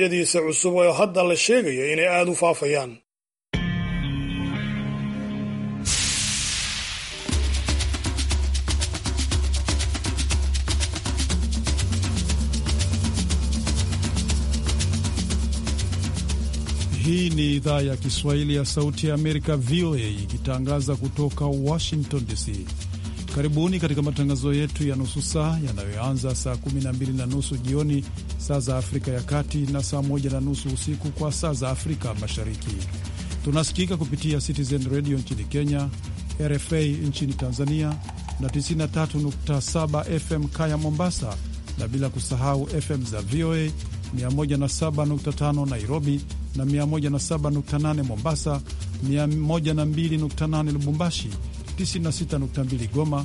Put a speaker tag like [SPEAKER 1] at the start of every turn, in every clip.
[SPEAKER 1] yadiisa cusub oo hadda la sheegayo inay aad u faafayaan Hii ni idhaa ya Kiswahili ya Sauti ya Amerika, VOA, ikitangaza kutoka Washington DC. Karibuni katika matangazo yetu ya nusu saa yanayoanza saa 12 na nusu jioni saa za Afrika ya Kati na saa moja na nusu usiku kwa saa za Afrika Mashariki. Tunasikika kupitia Citizen Radio nchini Kenya, RFA nchini Tanzania na 93.7 FM Kaya Mombasa, na bila kusahau FM za VOA 107.5 Nairobi na 107.8 Mombasa, 102.8 Lubumbashi, 96.2 Goma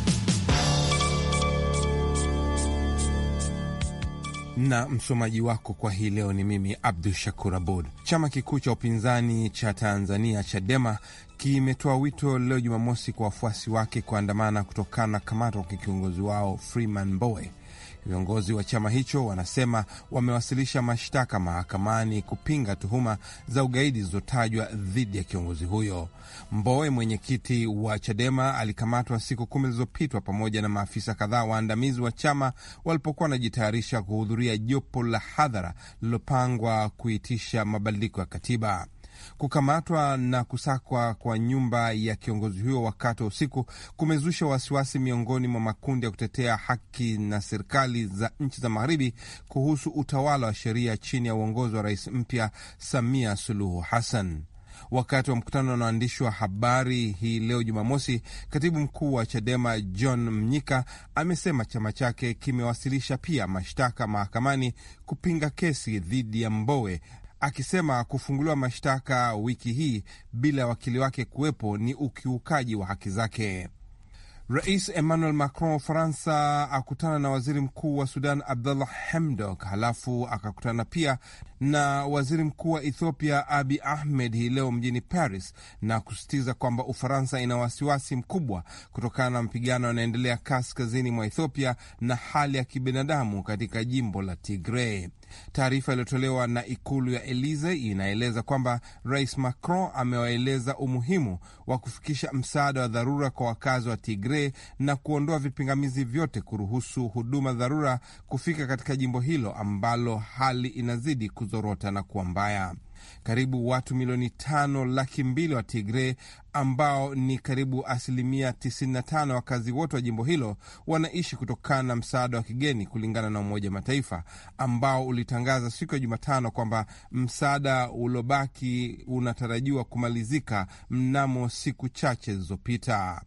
[SPEAKER 1] na msomaji wako kwa hii leo ni
[SPEAKER 2] mimi Abdu Shakur Abud. Chama kikuu cha upinzani cha Tanzania Chadema kimetoa wito leo Jumamosi kwa wafuasi wake kuandamana kutokana na kamatwa kwa kiongozi wao Freeman Mbowe. Viongozi wa chama hicho wanasema wamewasilisha mashtaka mahakamani kupinga tuhuma za ugaidi zilizotajwa dhidi ya kiongozi huyo. Mbowe, mwenyekiti wa Chadema, alikamatwa siku kumi zilizopitwa pamoja na maafisa kadhaa waandamizi wa chama walipokuwa wanajitayarisha kuhudhuria jopo la hadhara lililopangwa kuitisha mabadiliko ya katiba. Kukamatwa na kusakwa kwa nyumba ya kiongozi huyo wakati wa usiku kumezusha wasiwasi miongoni mwa makundi ya kutetea haki na serikali za nchi za magharibi kuhusu utawala wa sheria chini ya uongozi wa rais mpya Samia Suluhu Hassan. Wakati wa mkutano na waandishi wa habari hii leo Jumamosi, katibu mkuu wa CHADEMA John Mnyika amesema chama chake kimewasilisha pia mashtaka mahakamani kupinga kesi dhidi ya Mbowe akisema kufunguliwa mashtaka wiki hii bila wakili wake kuwepo ni ukiukaji wa haki zake. Rais Emmanuel Macron wa Ufaransa akutana na waziri mkuu wa Sudan Abdullah Hamdok, halafu akakutana pia na waziri mkuu wa Ethiopia Abi Ahmed hii leo mjini Paris na kusisitiza kwamba Ufaransa ina wasiwasi mkubwa kutokana na mapigano yanaendelea kaskazini mwa Ethiopia na hali ya kibinadamu katika jimbo la tigre Taarifa iliyotolewa na ikulu ya elize inaeleza kwamba Rais Macron amewaeleza umuhimu wa kufikisha msaada wa dharura kwa wakazi wa tigre na kuondoa vipingamizi vyote kuruhusu huduma dharura kufika katika jimbo hilo ambalo hali inazidi kuzorota na kuwa mbaya. Karibu watu milioni tano laki mbili wa Tigre ambao ni karibu asilimia 95 wakazi wote wa jimbo hilo wanaishi kutokana na msaada wa kigeni, kulingana na Umoja wa Mataifa ambao ulitangaza siku ya Jumatano kwamba msaada uliobaki unatarajiwa kumalizika mnamo siku chache zilizopita.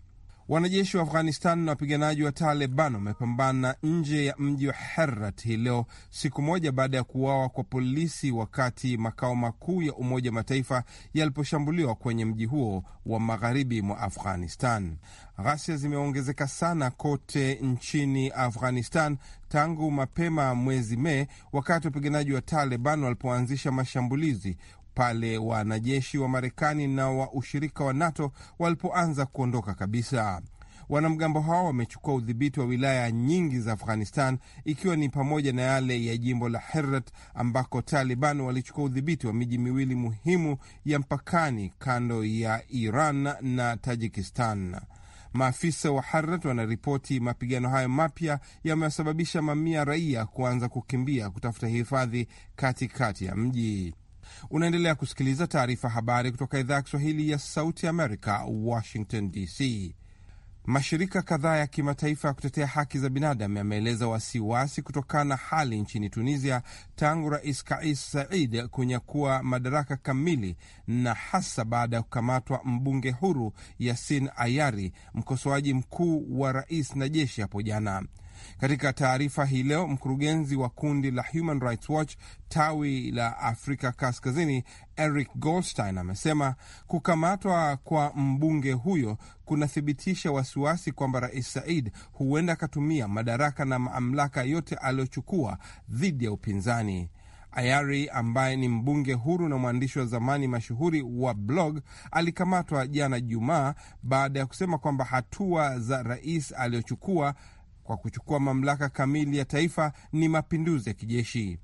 [SPEAKER 2] Wanajeshi wa Afghanistan na wapiganaji wa Taliban wamepambana nje ya mji wa Herat hii leo, siku moja baada ya kuuawa kwa polisi wakati makao makuu ya Umoja wa Mataifa yaliposhambuliwa kwenye mji huo wa magharibi mwa Afghanistan. Ghasia zimeongezeka sana kote nchini Afghanistan tangu mapema mwezi Mei, wakati wapiganaji wa Taliban walipoanzisha mashambulizi pale wanajeshi wa Marekani na wa ushirika wa NATO walipoanza kuondoka kabisa. Wanamgambo hao wamechukua udhibiti wa wilaya nyingi za Afghanistan, ikiwa ni pamoja na yale ya jimbo la Herat ambako Taliban walichukua udhibiti wa miji miwili muhimu ya mpakani kando ya Iran na Tajikistan. Maafisa wa Herat wanaripoti mapigano hayo mapya yamewasababisha mamia raia kuanza kukimbia kutafuta hifadhi katikati ya mji. Unaendelea kusikiliza taarifa habari kutoka idhaa ya Kiswahili ya Sauti Amerika, Washington DC. Mashirika kadhaa ya kimataifa ya kutetea haki za binadamu yameeleza wasiwasi kutokana na hali nchini Tunisia tangu Rais Kais Saied kunyakua madaraka kamili na hasa baada ya kukamatwa mbunge huru Yasin Ayari, mkosoaji mkuu wa rais na jeshi hapo jana. Katika taarifa hii leo, mkurugenzi wa kundi la Human Rights Watch tawi la Afrika Kaskazini Eric Goldstein amesema kukamatwa kwa mbunge huyo kunathibitisha wasiwasi kwamba Rais Said huenda akatumia madaraka na mamlaka yote aliyochukua dhidi ya upinzani. Ayari ambaye ni mbunge huru na mwandishi wa zamani mashuhuri wa blog alikamatwa jana Jumaa baada ya kusema kwamba hatua za rais aliyochukua kwa kuchukua mamlaka kamili ya taifa ni mapinduzi ya kijeshi.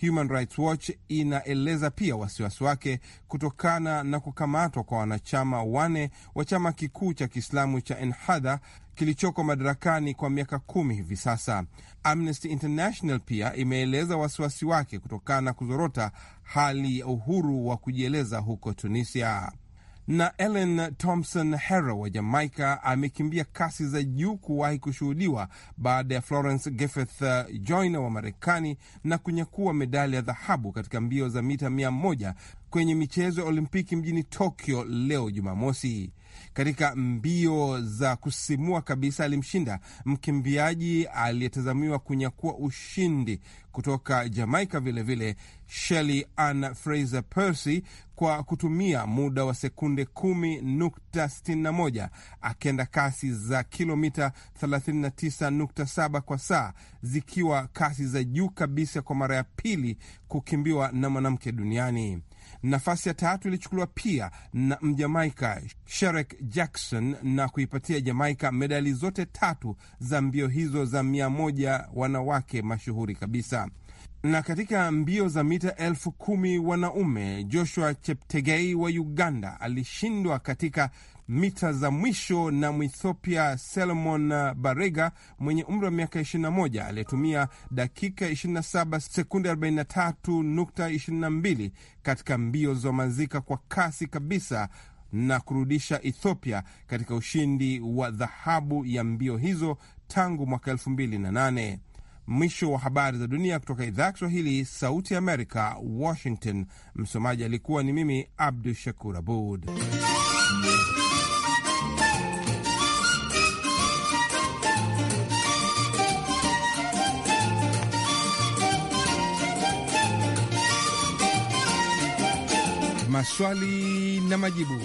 [SPEAKER 2] Human Rights Watch inaeleza pia wasiwasi wake kutokana na kukamatwa kwa wanachama wane wa chama kikuu cha Kiislamu cha Ennahda kilichoko madarakani kwa miaka kumi hivi sasa. Amnesty International pia imeeleza wasiwasi wake kutokana na kuzorota hali ya uhuru wa kujieleza huko Tunisia na Ellen Thompson Hero wa Jamaika amekimbia kasi za juu kuwahi kushuhudiwa baada ya Florence Griffith uh, Joyner wa Marekani na kunyakua medali ya dhahabu katika mbio za mita mia moja kwenye michezo ya Olimpiki mjini Tokyo leo Jumamosi katika mbio za kusimua kabisa alimshinda mkimbiaji aliyetazamiwa kunyakua ushindi kutoka Jamaika vilevile Shelly Ann Fraser percy kwa kutumia muda wa sekunde 10.61 akienda kasi za kilomita 39.7 kwa saa, zikiwa kasi za juu kabisa kwa mara ya pili kukimbiwa na mwanamke duniani. Nafasi ya tatu ilichukuliwa pia na Mjamaika Sherek Jackson na kuipatia Jamaika medali zote tatu za mbio hizo za mia moja wanawake mashuhuri kabisa. Na katika mbio za mita elfu kumi wanaume, Joshua Cheptegei wa Uganda alishindwa katika mita za mwisho na Mwethiopia Solomon Barega mwenye umri wa miaka 21 aliyetumia dakika 27 sekunde 43.22 katika mbio mazika kwa kasi kabisa na kurudisha Ethiopia katika ushindi wa dhahabu ya mbio hizo tangu mwaka 2008. Mwisho wa habari za dunia kutoka idhaa ya Kiswahili, Sauti ya Amerika, Washington. Msomaji alikuwa ni mimi Abdu Shakur Abud. Maswali na majibu.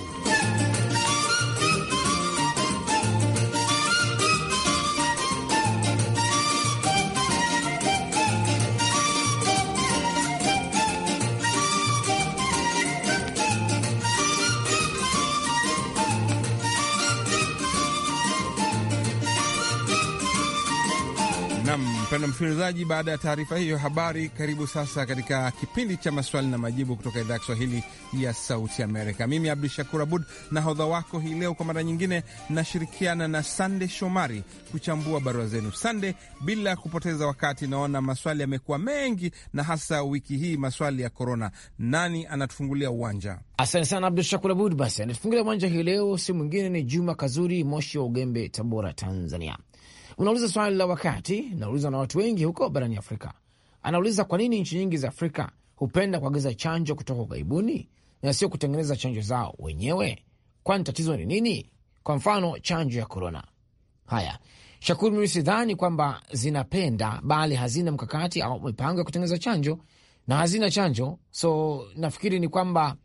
[SPEAKER 2] mpendo msikilizaji, baada ya taarifa hiyo habari, karibu sasa katika kipindi cha maswali na majibu kutoka idhaa ya Kiswahili ya Sauti Amerika. Mimi Abdu Shakur Abud nahodha wako hii leo, kwa mara nyingine nashirikiana na Sande Shomari kuchambua barua zenu. Sande, bila kupoteza wakati, naona maswali yamekuwa mengi na hasa wiki hii maswali ya korona.
[SPEAKER 3] Nani anatufungulia uwanja? Asante sana Abdu Shakur Abud. Basi anatufungulia uwanja hii leo si mwingine ni Juma Kazuri Moshi wa Ugembe, Tabora, Tanzania unauliza swali la wakati, nauliza na watu wengi huko barani Afrika. Anauliza, kwa nini nchi nyingi za Afrika hupenda kuagiza chanjo kutoka ughaibuni na sio kutengeneza chanjo zao wenyewe? Kwani tatizo ni nini? Kwa mfano chanjo ya korona. Haya, Shakuru, mimi sidhani kwamba zinapenda, bali hazina mkakati au mipango ya kutengeneza chanjo na hazina chanjo, so nafikiri ni kwamba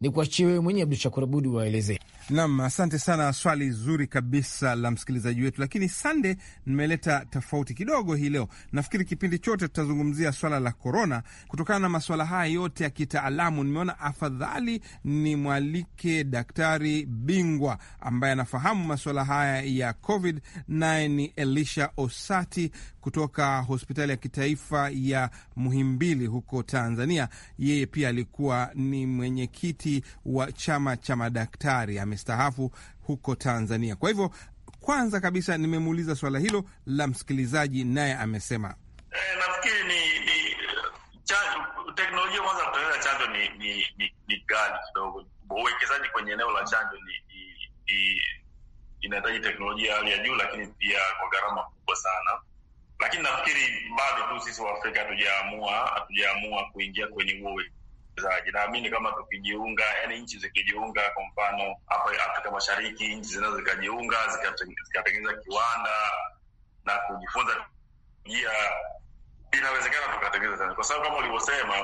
[SPEAKER 3] ni kuachie wewe mwenyewe Abdu Shakur Abudi waelezee. Nam,
[SPEAKER 2] asante sana, swali zuri kabisa la msikilizaji wetu. Lakini Sande, nimeleta tofauti kidogo hii leo. Nafikiri kipindi chote tutazungumzia swala la korona. Kutokana na maswala haya yote ya kitaalamu, nimeona afadhali ni mwalike daktari bingwa ambaye anafahamu maswala haya ya COVID, naye ni Elisha Osati kutoka hospitali ya kitaifa ya Muhimbili huko Tanzania. Yeye pia alikuwa ni mwenyekiti wa chama cha madaktari amestahafu huko Tanzania. Kwa hivyo kwanza kabisa nimemuuliza swala hilo la msikilizaji, naye amesema eh, nafikiri ni, ni teknolojia kwanza. Kutengeneza
[SPEAKER 4] chanjo ni ni, ni, ni ghali kidogo. Uwekezaji kwenye eneo la chanjo ni, ni, ni inahitaji teknolojia ya hali ya juu, lakini pia kwa gharama kubwa sana. Lakini nafikiri bado tu sisi Waafrika hatujaamua hatujaamua kuingia kwenye huo uwekezaji. Naamini kama tukijiunga, yani nchi zikijiunga, kwa mfano hapa Afrika Mashariki, nchi zinazo zikajiunga zikatengeneza kiwanda na kujifunza jia, inawezekana tukatengeneza, kwa sababu kama ulivyosema,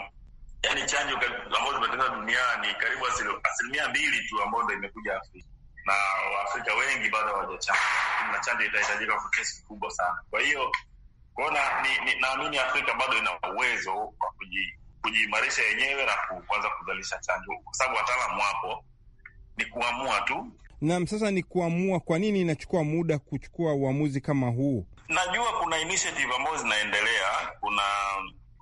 [SPEAKER 4] yani chanjo ambazo zimetengenezwa duniani karibu asilimia mbili tu ambayo ndo imekuja Afrika na Waafrika wengi bado hawajachanja na chanjo itahitajika kwa kiasi kikubwa sana. Kwa hiyo kuona naamini Afrika bado ina uwezo wa kuji kujiimarisha yenyewe na kuanza kuzalisha chanjo, kwa sababu wataalamu wapo, ni kuamua tu.
[SPEAKER 1] Naam,
[SPEAKER 2] sasa ni kuamua. Kwa nini inachukua muda kuchukua uamuzi kama huu?
[SPEAKER 4] Najua kuna initiative ambazo zinaendelea, kuna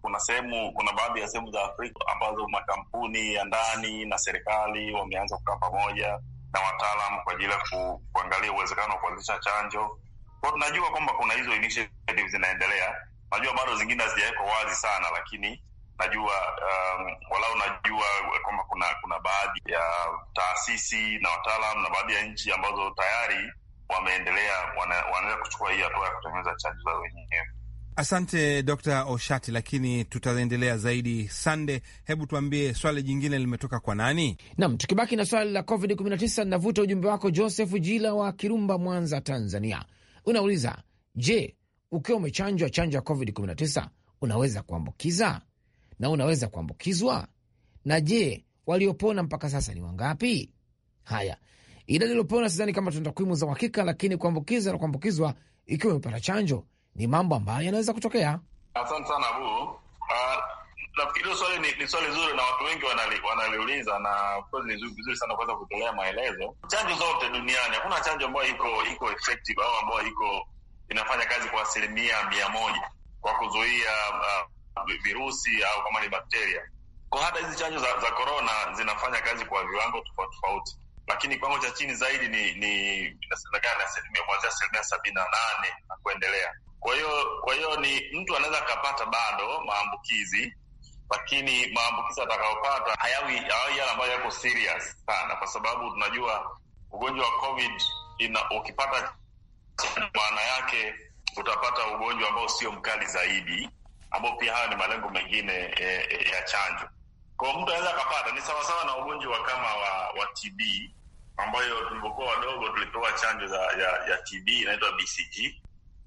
[SPEAKER 4] kuna sehemu, kuna baadhi ya sehemu za Afrika ambazo makampuni ya ndani na serikali wameanza kukaa pamoja na wataalam kwa ajili ya ku, kuangalia uwezekano wa kuanzisha chanjo kwao. Tunajua kwamba kuna hizo initiative zinaendelea, najua bado zingine hazijawekwa wazi sana, lakini najua um, walau najua kwamba kuna kuna baadhi ya taasisi na wataalam na baadhi ya nchi ambazo tayari wameendelea wanaweza kuchukua hii hatua ya kutengeneza chanjo zao wenyewe.
[SPEAKER 2] Asante Dr. Oshati, lakini tutaendelea zaidi. Sande, hebu
[SPEAKER 3] tuambie swali jingine limetoka kwa nani? Nam, tukibaki na swali la COVID 19, navuta ujumbe wako Joseph Jila wa Kirumba, Mwanza, Tanzania. Unauliza, je, ukiwa umechanjwa chanjo ya COVID 19 unaweza kuambukiza? na unaweza kuambukizwa? Na je, waliopona mpaka sasa ni wangapi? Haya, idadi iliopona sidhani kama tuna takwimu za uhakika, lakini kuambukiza na kuambukizwa ikiwa imepata chanjo ni mambo ambayo yanaweza kutokea.
[SPEAKER 4] Asante sana bu. Ah, nafikiri hilo swali ni, ni swali zuri na watu wengi wanali, wanaliuliza na kweli ni vizuri sana kuweza kutolea maelezo. Chanjo zote duniani, hakuna chanjo ambayo iko iko effective au ambayo iko inafanya kazi kwa asilimia mia moja kwa kuzuia uh, virusi au kama ni bakteria. Kwa hata hizi chanjo za, za korona zinafanya kazi kwa viwango tofauti tofauti, lakini kiwango cha chini zaidi ni inasemekana ni asilimia kuanzia asilimia sabini na nane na kuendelea. Kwa hiyo kwa hiyo ni mtu anaweza akapata bado maambukizi lakini maambukizi atakayopata hayawi hayawi yale ambayo yako serious sana, kwa sababu tunajua ugonjwa wa COVID ina, ukipata maana yake utapata ugonjwa ambao sio mkali zaidi ambao pia hayo ni malengo mengine e, e, ya chanjo. Kwa mtu anaweza akapata, ni sawasawa na ugonjwa kama wa, wa TB ambayo tulipokuwa wadogo tulipewa chanjo za, ya, ya TB inaitwa BCG,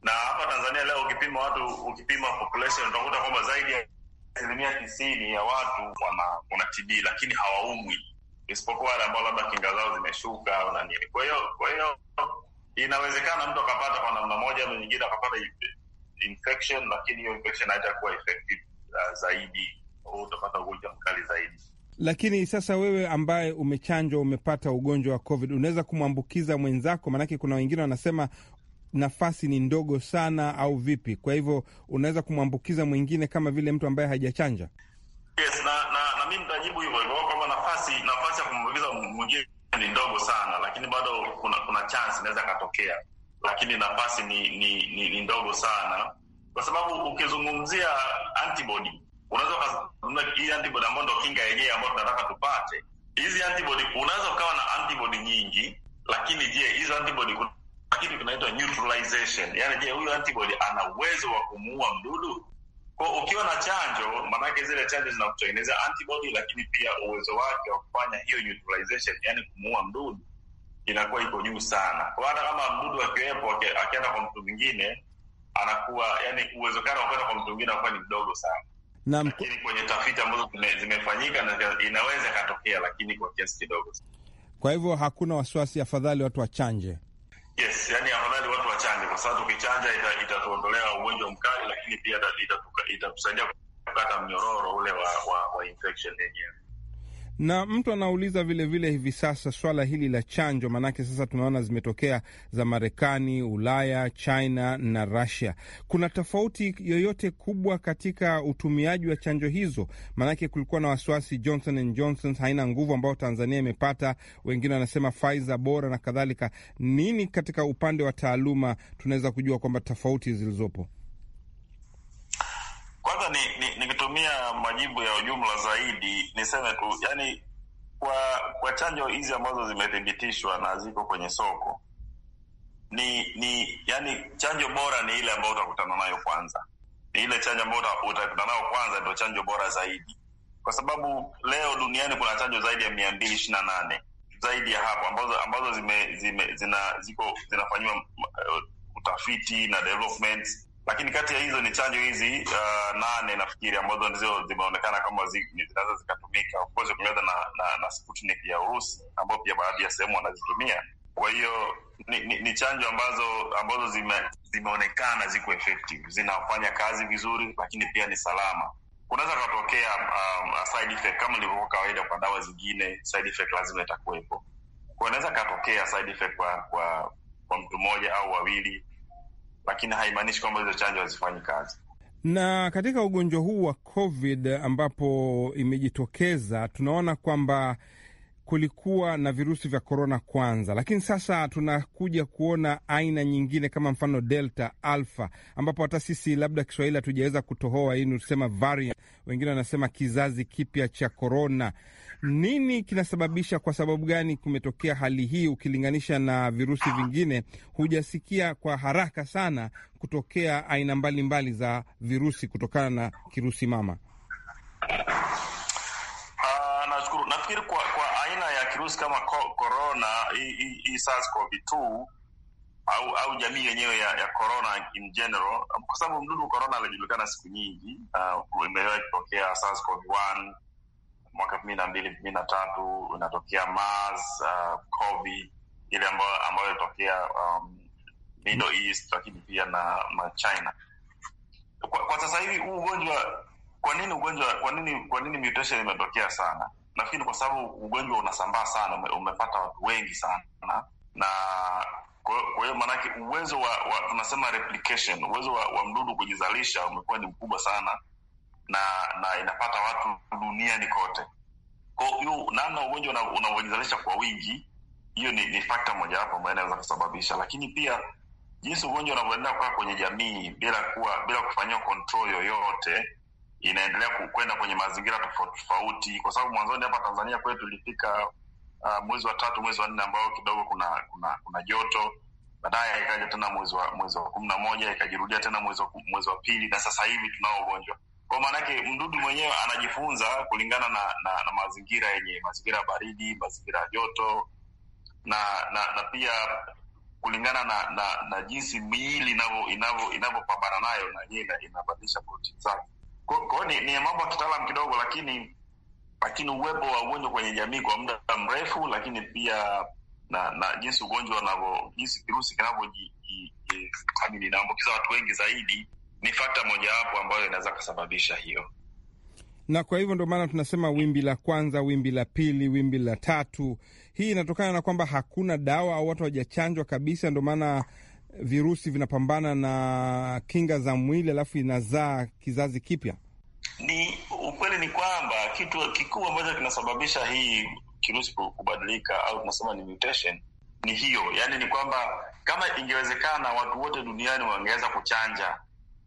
[SPEAKER 4] na hapa Tanzania leo ukipima watu, ukipima population utakuta kwamba zaidi ya asilimia tisini ya watu wana, wana TB lakini hawaumwi, isipokuwa wale ambao labda kinga zao zimeshuka au na nini. Kwa hiyo kwa hiyo inawezekana mtu akapata kwa namna moja au nyingine akapata infection, lakini hiyo infection haitakuwa effective uh, zaidi, au utapata ugonjwa mkali zaidi.
[SPEAKER 2] Lakini sasa wewe ambaye umechanjwa, umepata ugonjwa wa COVID, unaweza kumwambukiza mwenzako? Maanake kuna wengine wanasema nafasi ni ndogo sana, au vipi? Kwa hivyo unaweza kumwambukiza mwingine kama vile mtu ambaye hajachanja? Yes,
[SPEAKER 4] na, na, na mi nitajibu hivyo hivyo kwamba nafasi nafasi ya kumwambukiza mwingine ni ndogo sana, lakini bado kuna, kuna chance inaweza katokea lakini nafasi ni ni, ni ni ndogo sana, kwa sababu ukizungumzia antibody unaweza ukaunua hii antibody ambayo ndo kinga yenyewe ambayo tunataka tupate. Hizi antibody unaweza ukawa na antibody nyingi, lakini je, hizo antibody kuna kitu kinaitwa neutralization, yani je, huyu antibody ana uwezo wa kumuua mdudu? Kwa ukiwa na chanjo, maanake zile chanjo zinakutengenezea antibody, lakini pia uwezo wake wa kufanya hiyo neutralization, yani kumuua mdudu inakuwa iko juu sana, kwa hata kama mdudu akiwepo, akienda kwa mtu mwingine anakuwa yani, uwezekano wa kwenda kwa mtu mwingine anakuwa ni mdogo sana na lakini kwenye tafiti ambazo zimefanyika na inaweza ikatokea, lakini kwa kiasi kidogo.
[SPEAKER 2] Kwa hivyo hakuna wasiwasi, afadhali watu wachanje. Yes, yani afadhali watu wachanje, kwa sababu tukichanja itatuondolea ita ugonjwa
[SPEAKER 4] mkali, lakini pia itatusaidia ita, kukata mnyororo ule wa, wa, wa infection
[SPEAKER 2] yenyewe. Na mtu anauliza vilevile hivi sasa swala hili la chanjo, maanake sasa tunaona zimetokea za Marekani, Ulaya, China na Russia. Kuna tofauti yoyote kubwa katika utumiaji wa chanjo hizo? Maanake kulikuwa na wasiwasi Johnson and Johnson haina nguvu ambayo Tanzania imepata, wengine wanasema Pfizer bora na kadhalika. Nini katika upande wa taaluma tunaweza kujua kwamba tofauti zilizopo?
[SPEAKER 4] majibu ya ujumla zaidi, niseme tu yani, kwa kwa chanjo hizi ambazo zimethibitishwa na ziko kwenye soko ni ni yani, chanjo bora ni ile ambayo utakutana nayo kwanza, ni ile chanjo ambayo utakutana nayo kwanza ndio chanjo bora zaidi, kwa sababu leo duniani kuna chanjo zaidi ya mia mbili ishirini na nane zaidi ya hapo ambazo ambazo zime, zime, zina, ziko zinafanyiwa uh, utafiti na development lakini kati ya hizo ni chanjo hizi uh, nane nafikiri ambazo ndizo zimeonekana kama zinaweza zikatumika, of course na, na, na Sputnik ya Urusi ambayo pia baadhi ya sehemu wanazitumia. Kwa hiyo ni, ni, ni chanjo ambazo ambazo zime, zimeonekana ziko effective, zinafanya kazi vizuri, lakini pia ni salama. Kunaweza kutokea um, side effect kama ilivyokuwa kawaida kwa dawa zingine, side effect lazima itakuwepo. Kunaweza katokea side effect kwa, kwa, kwa mtu mmoja au wawili lakini haimaanishi kwamba hizo chanjo hazifanyi kazi.
[SPEAKER 2] Na katika ugonjwa huu wa COVID ambapo imejitokeza, tunaona kwamba kulikuwa na virusi vya korona kwanza, lakini sasa tunakuja kuona aina nyingine kama mfano delta, alfa, ambapo hata sisi labda Kiswahili hatujaweza kutohoa hii, tusema variant, wengine wanasema kizazi kipya cha korona. Nini kinasababisha? Kwa sababu gani kumetokea hali hii? Ukilinganisha na virusi vingine, hujasikia kwa haraka sana kutokea aina mbalimbali za virusi kutokana na kirusi mama.
[SPEAKER 4] Uh, nashukuru. Nafikiri kwa, kwa aina ya kirusi kama korona hii SARS-CoV-2 au au jamii yenyewe ya, ya corona in general, kwa sababu mdudu corona alijulikana siku nyingi uh, ah, imewahi kutokea SARS-CoV-1 mwaka elfu mbili na mbili elfu mbili na tatu inatokea mars uh, covid ile ambayo ambayo ilitokea um, Middle East, lakini pia na, na China. Kwa, kwa sasa hivi huu ugonjwa, kwa nini ugonjwa, kwa nini kwa nini mutation imetokea sana? Nafikiri kwa sababu ugonjwa unasambaa sana, ume, umepata watu wengi sana na kwa hiyo maanake uwezo wa, wa tunasema replication, uwezo wa, wa mdudu kujizalisha umekuwa ni mkubwa sana na na inapata watu duniani kote. Kwa hiyo namna ugonjwa unavyojizalisha kwa wingi, hiyo ni, ni fakta mojawapo ambayo inaweza kusababisha, lakini pia jinsi ugonjwa unavyoendelea kukaa kwenye jamii bila kuwa bila kufanyiwa control yoyote, inaendelea kwenda kwenye mazingira tofauti tofauti, kwa sababu mwanzoni hapa Tanzania kwetu ilifika uh, mwezi wa tatu mwezi wa nne ambao kidogo kuna kuna kuna joto baadaye ikaja tena mwezi wa mwezi wa kumi na moja ikajirudia tena mwezi wa mwezi wa pili, na sasa hivi tunao ugonjwa. Kwa maanake mdudu mwenyewe anajifunza kulingana na, na, na mazingira yenye mazingira ya baridi, mazingira ya joto na, na na pia kulingana na na, na jinsi miili inavyopambana nayo na yenyewe inabadilisha protini zake. Kwa hiyo ni, ni mambo ya kitaalam kidogo, lakini lakini uwepo wa ugonjwa kwenye jamii kwa muda mrefu, lakini pia na na jinsi ugonjwa unavyo jinsi kirusi kinavyojiamini inaambukiza watu wengi zaidi ni fakta mojawapo ambayo inaweza kusababisha hiyo,
[SPEAKER 2] na kwa hivyo ndio maana tunasema wimbi la kwanza, wimbi la pili, wimbi la tatu. Hii inatokana na kwamba hakuna dawa au watu hawajachanjwa kabisa, ndio maana virusi vinapambana na kinga za mwili, alafu inazaa kizazi kipya.
[SPEAKER 4] Ni ukweli ni kwamba kitu kikuu ambacho kinasababisha hii kirusi kubadilika au tunasema ni mutation ni hiyo, yaani ni kwamba kama ingewezekana watu wote duniani wangeweza kuchanja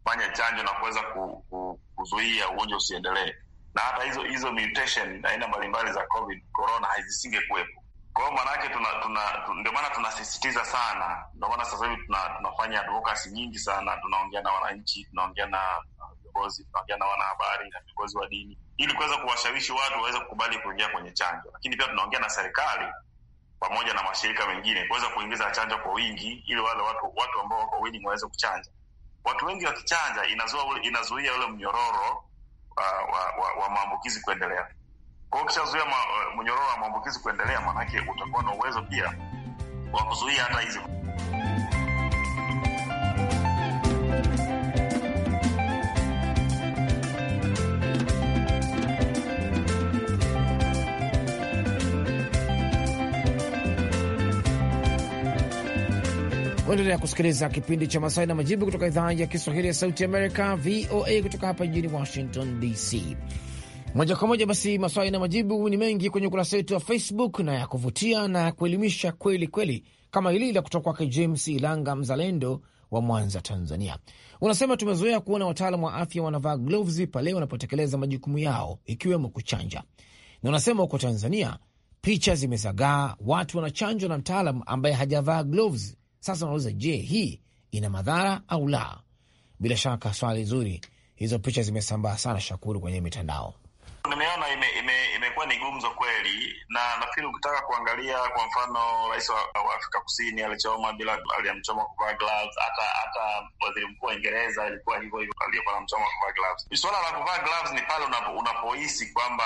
[SPEAKER 4] kufanya chanjo na kuweza ku, ku, kuzuia ugonjwa usiendelee, na hata hizo hizo mutation aina mbalimbali za COVID corona hazisinge kuwepo. Kwa hiyo maanake tuna, tuna, tuna, ndio maana tunasisitiza sana, ndio maana sasa hivi tuna, tunafanya advocacy nyingi sana, tunaongea na wananchi, tunaongea na viongozi, tunaongea na wanahabari na viongozi wa dini ili kuweza kuwashawishi watu waweze kukubali kuingia kwenye chanjo, lakini pia tunaongea na serikali pamoja na mashirika mengine kuweza kuingiza chanjo kwa wingi ili wale watu watu ambao wako wingi waweze kuchanja. Watu wengi wakichanja inazuia ule mnyororo uh, wa, wa, wa maambukizi kuendelea. Kwa hiyo ukishazuia eh, mnyororo wa maambukizi kuendelea, maanake utakuwa na uwezo pia wa kuzuia
[SPEAKER 5] hata hizi
[SPEAKER 3] Waendelea kusikiliza kipindi cha maswali na majibu kutoka idhaa ya Kiswahili ya Sauti Amerika, VOA, kutoka hapa jijini Washington DC. Moja kwa moja basi, maswali na majibu ni mengi kwenye ukurasa wetu wa Facebook na ya kuvutia na ya kuelimisha kweli kweli, kama hili la kutoka kwake James Ilanga, mzalendo wa Mwanza, Tanzania. Unasema tumezoea kuona wataalam wa afya wanavaa gloves pale wanapotekeleza majukumu yao ikiwemo kuchanja, na unasema huko Tanzania picha zimezagaa, watu wanachanjwa na mtaalam ambaye hajavaa gloves sasa unauliza, je, hii ina madhara au la? Bila shaka swali zuri. Hizo picha zimesambaa sana, Shakuru, kwenye mitandao. Nimeona
[SPEAKER 4] imekuwa ime ni gumzo kweli, na nafikiri ukitaka kuangalia kwa mfano, rais wa, wa Afrika Kusini alichoma bila aliyemchoma kuvaa gloves. Hata hata waziri mkuu wa Ingereza alikuwa hivyo hivyo, aliyekuwa anamchoma kuvaa gloves. Suala la kuvaa gloves ni pale unapohisi kwamba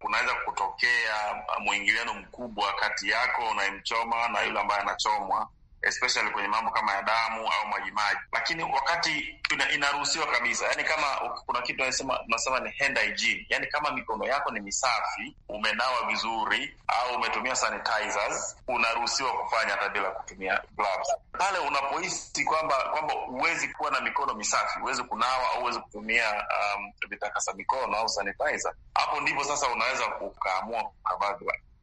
[SPEAKER 4] unaweza kutokea mwingiliano mkubwa kati yako unayemchoma na yule ambaye anachomwa especially kwenye mambo kama ya damu au majimaji, lakini wakati inaruhusiwa kabisa, yani kama kuna kitu unasema ni hand hygiene, yani kama mikono yako ni misafi, umenawa vizuri au umetumia sanitizers, unaruhusiwa kufanya hata bila kutumia gloves. Pale unapohisi kwamba kwamba huwezi kuwa na mikono misafi, huwezi kunawa au huwezi kutumia um, vitakasa mikono au sanitizer, hapo ndipo sasa unaweza ukaamua ukavaa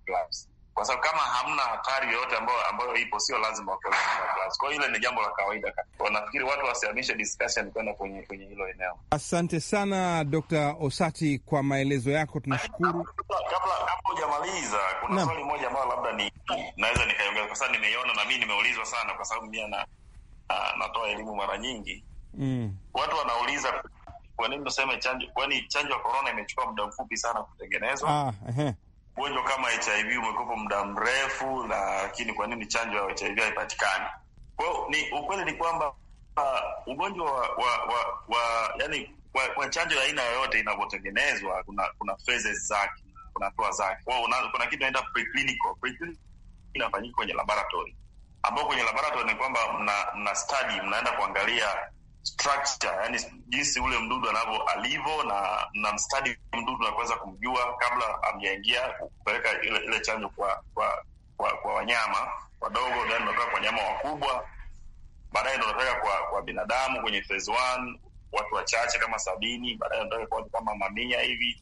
[SPEAKER 4] gloves kwa sababu kama hamna hatari yoyote ambayo, ambayo ipo, sio lazima watoke class. Kwa hiyo ile ni jambo la kawaida kabisa. Nafikiri watu wasihamishe discussion kwenda kwenye kwenye hilo eneo.
[SPEAKER 2] Asante sana Dr. Osati kwa maelezo yako, tunashukuru. Kabla
[SPEAKER 4] kabla hujamaliza, kuna swali moja ambalo labda ni naweza nikaiongeza, kwa sababu nimeiona na mimi nimeulizwa sana, kwa sababu mimi na natoa elimu mara nyingi mm. Watu wanauliza kwa nini tuseme chanjo, kwani chanjo ya korona imechukua muda mfupi sana kutengenezwa? ah, ugonjwa kama HIV umekuwepo muda mrefu, lakini kwa nini chanjo ya HIV haipatikani? Kwao ni ukweli ni kwamba uh, ugonjwa wa, wa, wa, wa yani kwa, kwa chanjo ya aina yoyote inavyotengenezwa kuna kuna phases zake, kuna hatua zake. Kwao kuna kitu inaenda preclinical. Preclinical inafanyika kwenye laboratory, ambao kwenye laboratory ni kwamba mna, mna study, mnaenda kuangalia structure, yani jinsi ule mdudu anavyo alivyo na na mstadi mdudu na kuweza kumjua kabla amjaingia kupeleka ile, ile chanjo kwa kwa, kwa kwa wanyama wadogo, then unapeleka kwa wanyama wakubwa, baadaye ndo unapeleka kwa kwa binadamu kwenye phase one, watu wachache kama sabini, baadaye unapeleka kwa watu kama mamia hivi,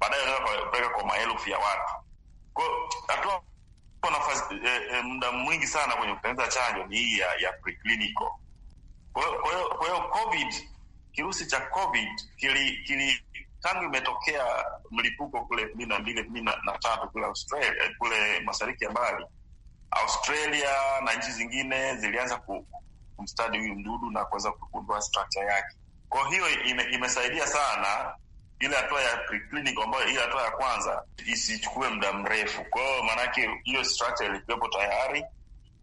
[SPEAKER 4] baadaye unapeleka kwa maelfu ya watu kwa hatua nafasi eh, eh, muda mwingi sana kwenye kutengeneza chanjo ni hii ya, ya preclinical kwa hiyo COVID, kirusi cha COVID kili, kili tangu imetokea mlipuko kule elfu mbili na mbili elfu mbili na tatu kule Australia, kule mashariki ya mbali Australia na nchi zingine zilianza kumstadi huyu mdudu na kuweza kugundua structure yake. Kwa hiyo ime, imesaidia sana ile hatua ya preclinical ambayo ile hatua ya kwanza isichukue muda mrefu. Kwa hiyo maanake hiyo structure ilikuwepo tayari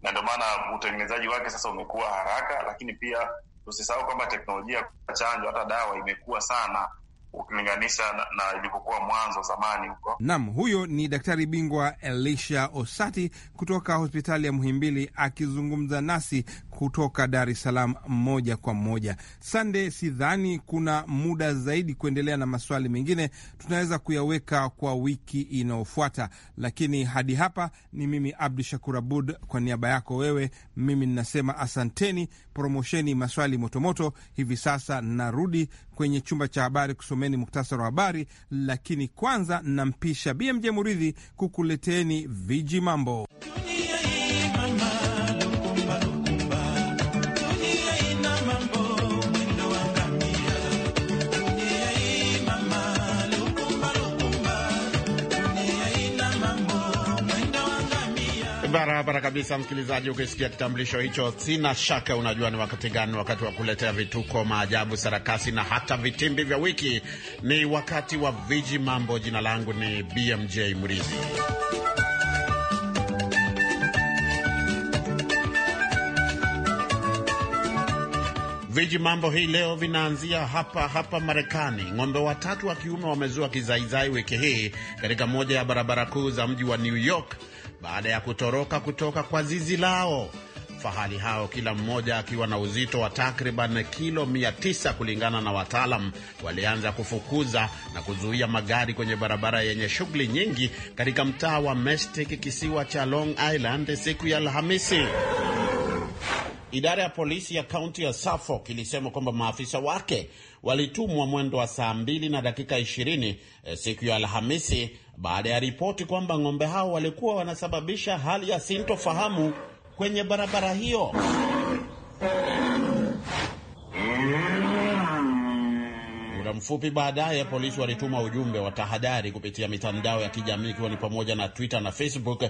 [SPEAKER 4] na ndio maana utengenezaji wake sasa umekuwa haraka, lakini pia tusisahau kwamba teknolojia ya chanjo hata dawa imekuwa sana ukilinganisha na, na ilivyokuwa mwanzo zamani huko. Naam,
[SPEAKER 2] huyo ni daktari bingwa Elisha Osati kutoka hospitali ya Muhimbili akizungumza nasi kutoka Dar es Salaam moja kwa moja. Sande, sidhani kuna muda zaidi kuendelea na maswali mengine, tunaweza kuyaweka kwa wiki inayofuata, lakini hadi hapa ni mimi Abdu Shakur Abud, kwa niaba yako wewe, mimi ninasema asanteni. Promosheni maswali motomoto hivi sasa. Narudi kwenye chumba cha habari kusomeni muktasari wa habari, lakini kwanza nampisha BMJ Muridhi kukuleteni viji mambo
[SPEAKER 5] Barabara kabisa, msikilizaji. Ukisikia kitambulisho hicho, sina shaka unajua ni wakati gani, wakati wa kuletea vituko, maajabu, sarakasi na hata vitimbi vya wiki. Ni wakati wa viji mambo. Jina langu ni BMJ mridhi Viji mambo hii leo vinaanzia hapa hapa Marekani. Ng'ombe watatu wa kiume wamezua kizaizai wiki hii katika moja ya barabara kuu za mji wa New York baada ya kutoroka kutoka kwa zizi lao. Fahali hao kila mmoja akiwa na uzito wa takriban kilo 900 kulingana na wataalam, walianza kufukuza na kuzuia magari kwenye barabara yenye shughuli nyingi katika mtaa wa Mestic, kisiwa cha Long Island, siku ya Alhamisi. Idara ya polisi ya kaunti ya Suffolk ilisema kwamba maafisa wake walitumwa mwendo wa saa mbili na dakika ishirini eh, siku ya Alhamisi baada ya ripoti kwamba ng'ombe hao walikuwa wanasababisha hali ya sintofahamu kwenye barabara hiyo. Muda mfupi baadaye polisi walituma ujumbe wa tahadhari kupitia mitandao ya kijamii ikiwa ni pamoja na Twitter na Facebook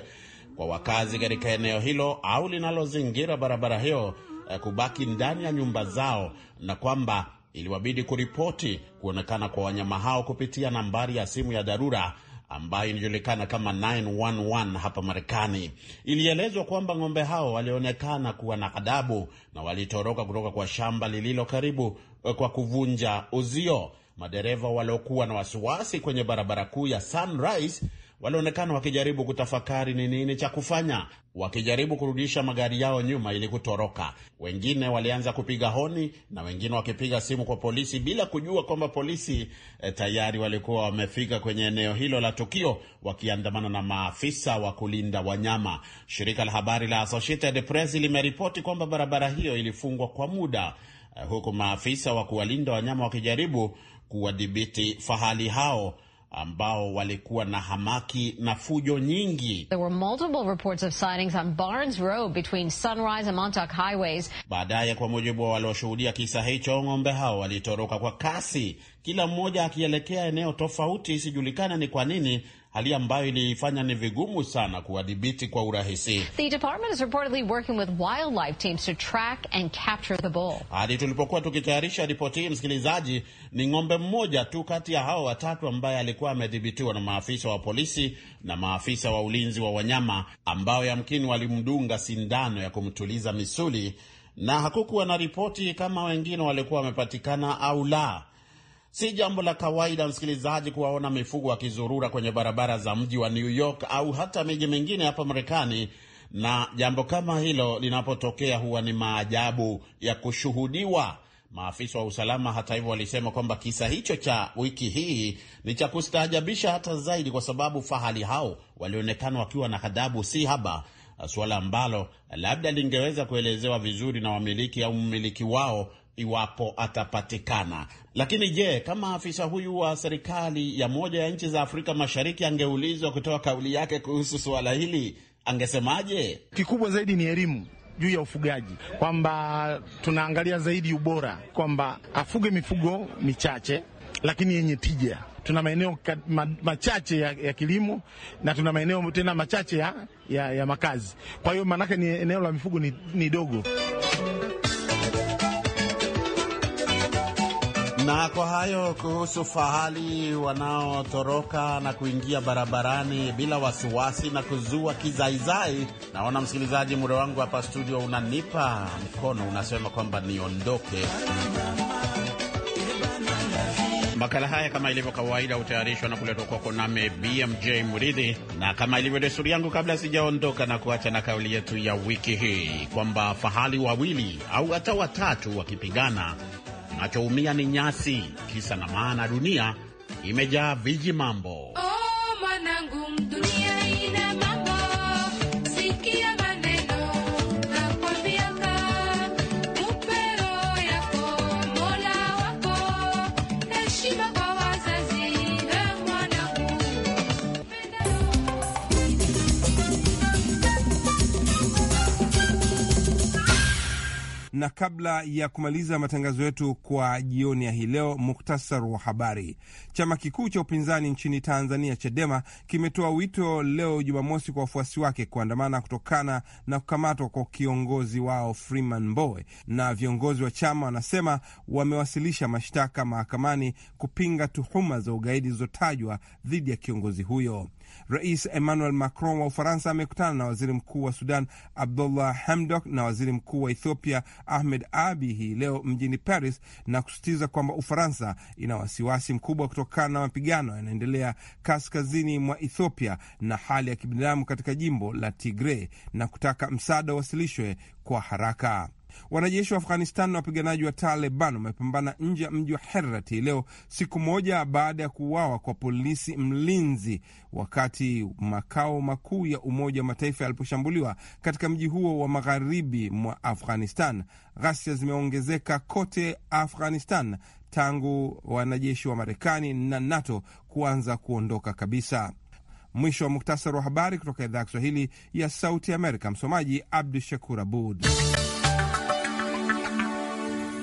[SPEAKER 5] kwa wakazi katika eneo hilo au linalozingira barabara hiyo eh, kubaki ndani ya nyumba zao na kwamba iliwabidi kuripoti kuonekana kwa wanyama hao kupitia nambari ya simu ya dharura ambayo inajulikana kama 911 hapa Marekani. Ilielezwa kwamba ng'ombe hao walionekana kuwa na adabu na walitoroka kutoka kwa shamba lililo karibu eh, kwa kuvunja uzio. Madereva waliokuwa na wasiwasi kwenye barabara kuu ya Sunrise walionekana wakijaribu kutafakari ni nini cha kufanya, wakijaribu kurudisha magari yao nyuma ili kutoroka. Wengine walianza kupiga honi na wengine wakipiga simu kwa polisi bila kujua kwamba polisi e, tayari walikuwa wamefika kwenye eneo hilo la tukio wakiandamana na maafisa wa kulinda wanyama. Shirika la habari la Associated Press limeripoti kwamba barabara hiyo ilifungwa kwa muda e, huku maafisa wa kuwalinda wanyama wakijaribu kuwadhibiti fahali hao ambao walikuwa na hamaki na fujo nyingi. Baadaye, kwa mujibu wa walioshuhudia kisa hicho, ng'ombe hao walitoroka kwa kasi, kila mmoja akielekea eneo tofauti, isijulikana ni kwa nini, hali ambayo iliifanya ni vigumu sana kuwadhibiti kwa urahisi. Hadi tulipokuwa tukitayarisha ripoti hii, msikilizaji, ni ng'ombe mmoja tu kati ya hao watatu ambaye alikuwa amedhibitiwa na maafisa wa polisi na maafisa wa ulinzi wa wanyama ambao yamkini walimdunga sindano ya kumtuliza misuli, na hakukuwa na ripoti kama wengine walikuwa wamepatikana au la. Si jambo la kawaida, msikilizaji, kuwaona mifugo akizurura kwenye barabara za mji wa New York au hata miji mingine hapa Marekani, na jambo kama hilo linapotokea huwa ni maajabu ya kushuhudiwa. Maafisa wa usalama, hata hivyo, walisema kwamba kisa hicho cha wiki hii ni cha kustaajabisha hata zaidi, kwa sababu fahali hao walionekana wakiwa na hadabu si haba, suala ambalo labda lingeweza kuelezewa vizuri na wamiliki au mmiliki wao iwapo atapatikana. Lakini je, kama afisa huyu wa serikali ya moja ya nchi za Afrika Mashariki angeulizwa kutoa kauli yake kuhusu suala hili angesemaje? Kikubwa zaidi ni elimu juu ya ufugaji, kwamba tunaangalia zaidi ubora, kwamba afuge mifugo michache lakini yenye tija. Tuna maeneo machache ya, ya kilimo na tuna maeneo tena machache ya, ya, ya makazi. Kwa hiyo maanake ni eneo la mifugo ni, ni dogo. Na kwa hayo kuhusu fahali wanaotoroka na kuingia barabarani bila wasiwasi na kuzua kizaizai. Naona msikilizaji, muda wangu hapa studio unanipa mkono, unasema kwamba niondoke. Makala haya kama ilivyo kawaida hutayarishwa na kuletwa kwako nami BMJ Muridhi, na kama ilivyo desturi yangu, kabla sijaondoka na kuacha na kauli yetu ya wiki hii kwamba fahali wawili au hata watatu wakipigana tunachoumia ni nyasi. Kisa na maana, dunia imejaa viji mambo.
[SPEAKER 2] Na kabla ya kumaliza matangazo yetu kwa jioni ya hii leo, muktasar wa habari. Chama kikuu cha upinzani nchini Tanzania, Chadema, kimetoa wito leo Jumamosi kwa wafuasi wake kuandamana kutokana na kukamatwa kwa kiongozi wao Freeman Mbowe, na viongozi wa chama wanasema wamewasilisha mashtaka mahakamani kupinga tuhuma za ugaidi zilizotajwa dhidi ya kiongozi huyo. Rais Emmanuel Macron wa Ufaransa amekutana na waziri mkuu wa Sudan Abdullah Hamdok na waziri mkuu wa Ethiopia Ahmed Abi hii leo mjini Paris na kusisitiza kwamba Ufaransa ina wasiwasi mkubwa kutokana na mapigano yanaendelea kaskazini mwa Ethiopia na hali ya kibinadamu katika jimbo la tigre na kutaka msaada uwasilishwe kwa haraka. Wanajeshi wa Afghanistan na wapiganaji wa Taliban wamepambana nje ya mji wa Herat hii leo, siku moja baada ya kuuawa kwa polisi mlinzi wakati makao makuu ya Umoja wa Mataifa yaliposhambuliwa katika mji huo wa magharibi mwa Afghanistan. Ghasia zimeongezeka kote Afghanistan tangu wanajeshi wa Marekani na NATO kuanza kuondoka kabisa. Mwisho wa muktasari wa habari kutoka idhaa ya Kiswahili ya Sauti Amerika. Msomaji Abdu Shakur Abud.